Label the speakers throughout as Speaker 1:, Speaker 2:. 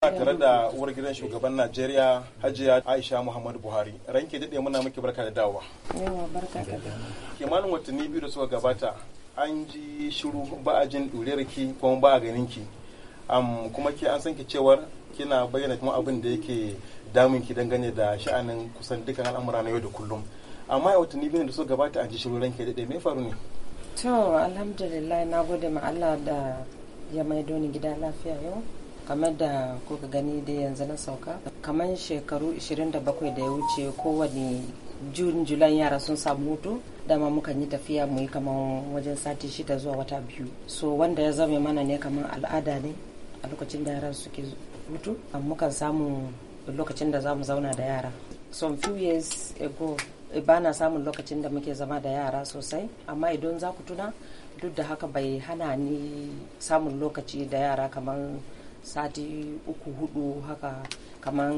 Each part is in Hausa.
Speaker 1: tare da uwar gidan shugaban Najeriya Hajiya Aisha Muhammadu Buhari. Ranke daɗe muna muke barka da dawowa.
Speaker 2: Yawa barka
Speaker 1: watanni biyu da suka gabata an ji shiru ba a jin ɗuriyar ki kuma ba a ganin ki. kuma ke an san ki cewar kina bayyana kuma abin da yake damun ki dangane da sha'anin kusan dukkan al'amura na yau da kullum. Amma a watanni biyu da suka gabata an ji shiru ranke daɗe me faru ne?
Speaker 2: To alhamdulillah na gode ma Allah da ya maido ni gida lafiya yau. kamar da kuka gani da yanzu na sauka kamar shekaru 27 da ya wuce kowane jun julan yara sun samu hutu dama mukan yi tafiya mu yi kamar wajen sati shida zuwa wata biyu so wanda ya zama mana ne kamar al'ada ne a lokacin da yaran suke hutu muka samu lokacin da za mu zauna da yara some few years ago eh, ba na samun lokacin da muke zama da yara sosai amma idan za ku tuna duk da haka bai hana ni samun lokaci da yara kamar sati uku hudu haka kaman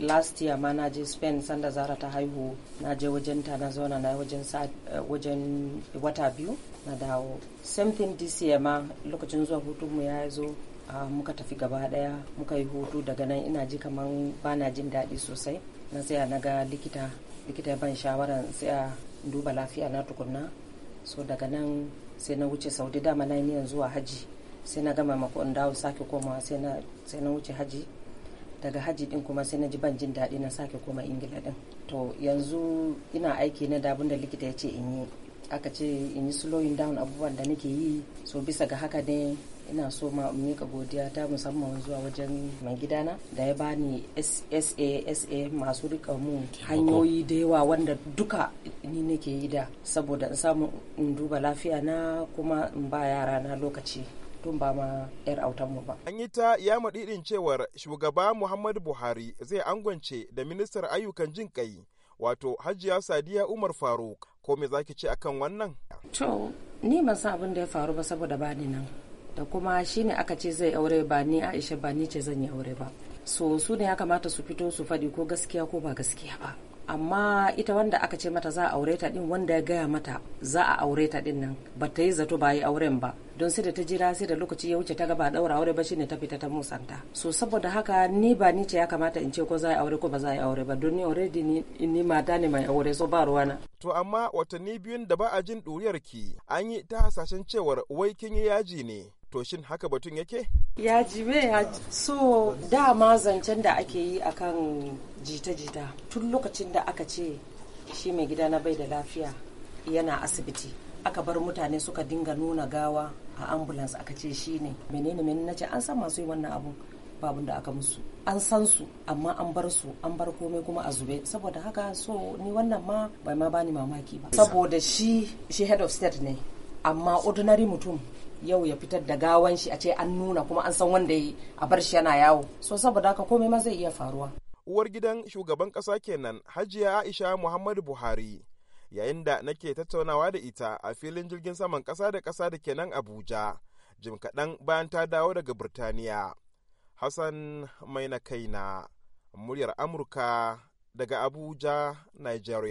Speaker 2: last year ma na je spain sanda zara ta haihu na je wajen ta na zauna na wajen eh, wajen wata biyu na dawo same thing this year ma lokacin zuwa hutu mu ya zo Uh, muka tafi gaba daya muka yi hutu daga nan ina ji ba bana jin daɗi sosai na sai na ga likita likita ban shawara a duba lafiya na tukunna so daga nan sai na wuce saudi dama na yanzu zuwa haji sai na gama mako in dawo sake komawa sai na sai na wuce haji daga haji din kuma sai na ji ban jin daɗi na sake koma ingila din to yanzu ina aiki na dabun da likita ya ce in yi aka ce in yi slowing down abubuwan da nake yi so bisa ga haka ne ina so ma mika godiya ta musamman zuwa wajen mai gidana da ya bani SASA masu rika mu hanyoyi da yawa wanda duka ni nake yi da saboda in samu in duba lafiya na kuma in ba yara na lokaci tun ba ma 'yar autan mu ba.
Speaker 1: An yi ta ya maɗiɗin cewar shugaba Muhammadu Buhari zai angwance da ministar ayyukan jin kai wato Hajiya Sadiya Umar Faruk ko me zaki ce akan wannan? To,
Speaker 2: ni ban san abin da ya faru ba saboda ba ni nan. Da kuma shi ne aka ce zai aure ba ni Aisha ba ni ce zan yi aure ba. So su ne ya kamata su fito su faɗi ko gaskiya ko ba gaskiya ba. amma ita wanda aka ce mata za a aure ta din wanda ya gaya mata za a aure ta din nan ba ta yi zato ba yi auren ba don sai da ta jira sai da lokaci ya wuce ta gaba daura aure ba shine ta fita ta musanta so saboda haka ni ba ni ce ya kamata in ce ko za a aure ko ba za a aure ba don ni already ni, ni mata ne mai aure so ba ruwa na.
Speaker 1: to amma watanni biyun da ba a jin duriyar ki an yi ta hasashen cewar wai kin yi yaji ne to shin haka batun yake
Speaker 2: ya jibe ya so dama zancen da ake yi akan jita-jita tun lokacin da aka ce shi mai gida na bai da lafiya yana asibiti aka bar mutane suka dinga nuna gawa a ambulance aka ce shi ne menene menene na ce an san masu yi wannan abu babun da aka musu an san su amma an bar su an bar komai kuma a zube saboda haka so ni wannan ma bai ma bani mamaki ba saboda shi shi head of state ne amma ordinary mutum yau ya fitar da gawan shi a ce an nuna kuma an san wanda ya a bar shi yana yawo so saboda haka komai ma zai iya faruwa
Speaker 1: uwar gidan shugaban kasa kenan hajiya aisha muhammadu buhari yayin da nake tattaunawa da ita a filin jirgin saman kasa da kasa da kenan abuja jim kaɗan bayan ta dawo daga birtaniya hassan maina kaina muryar amurka daga abuja nigeria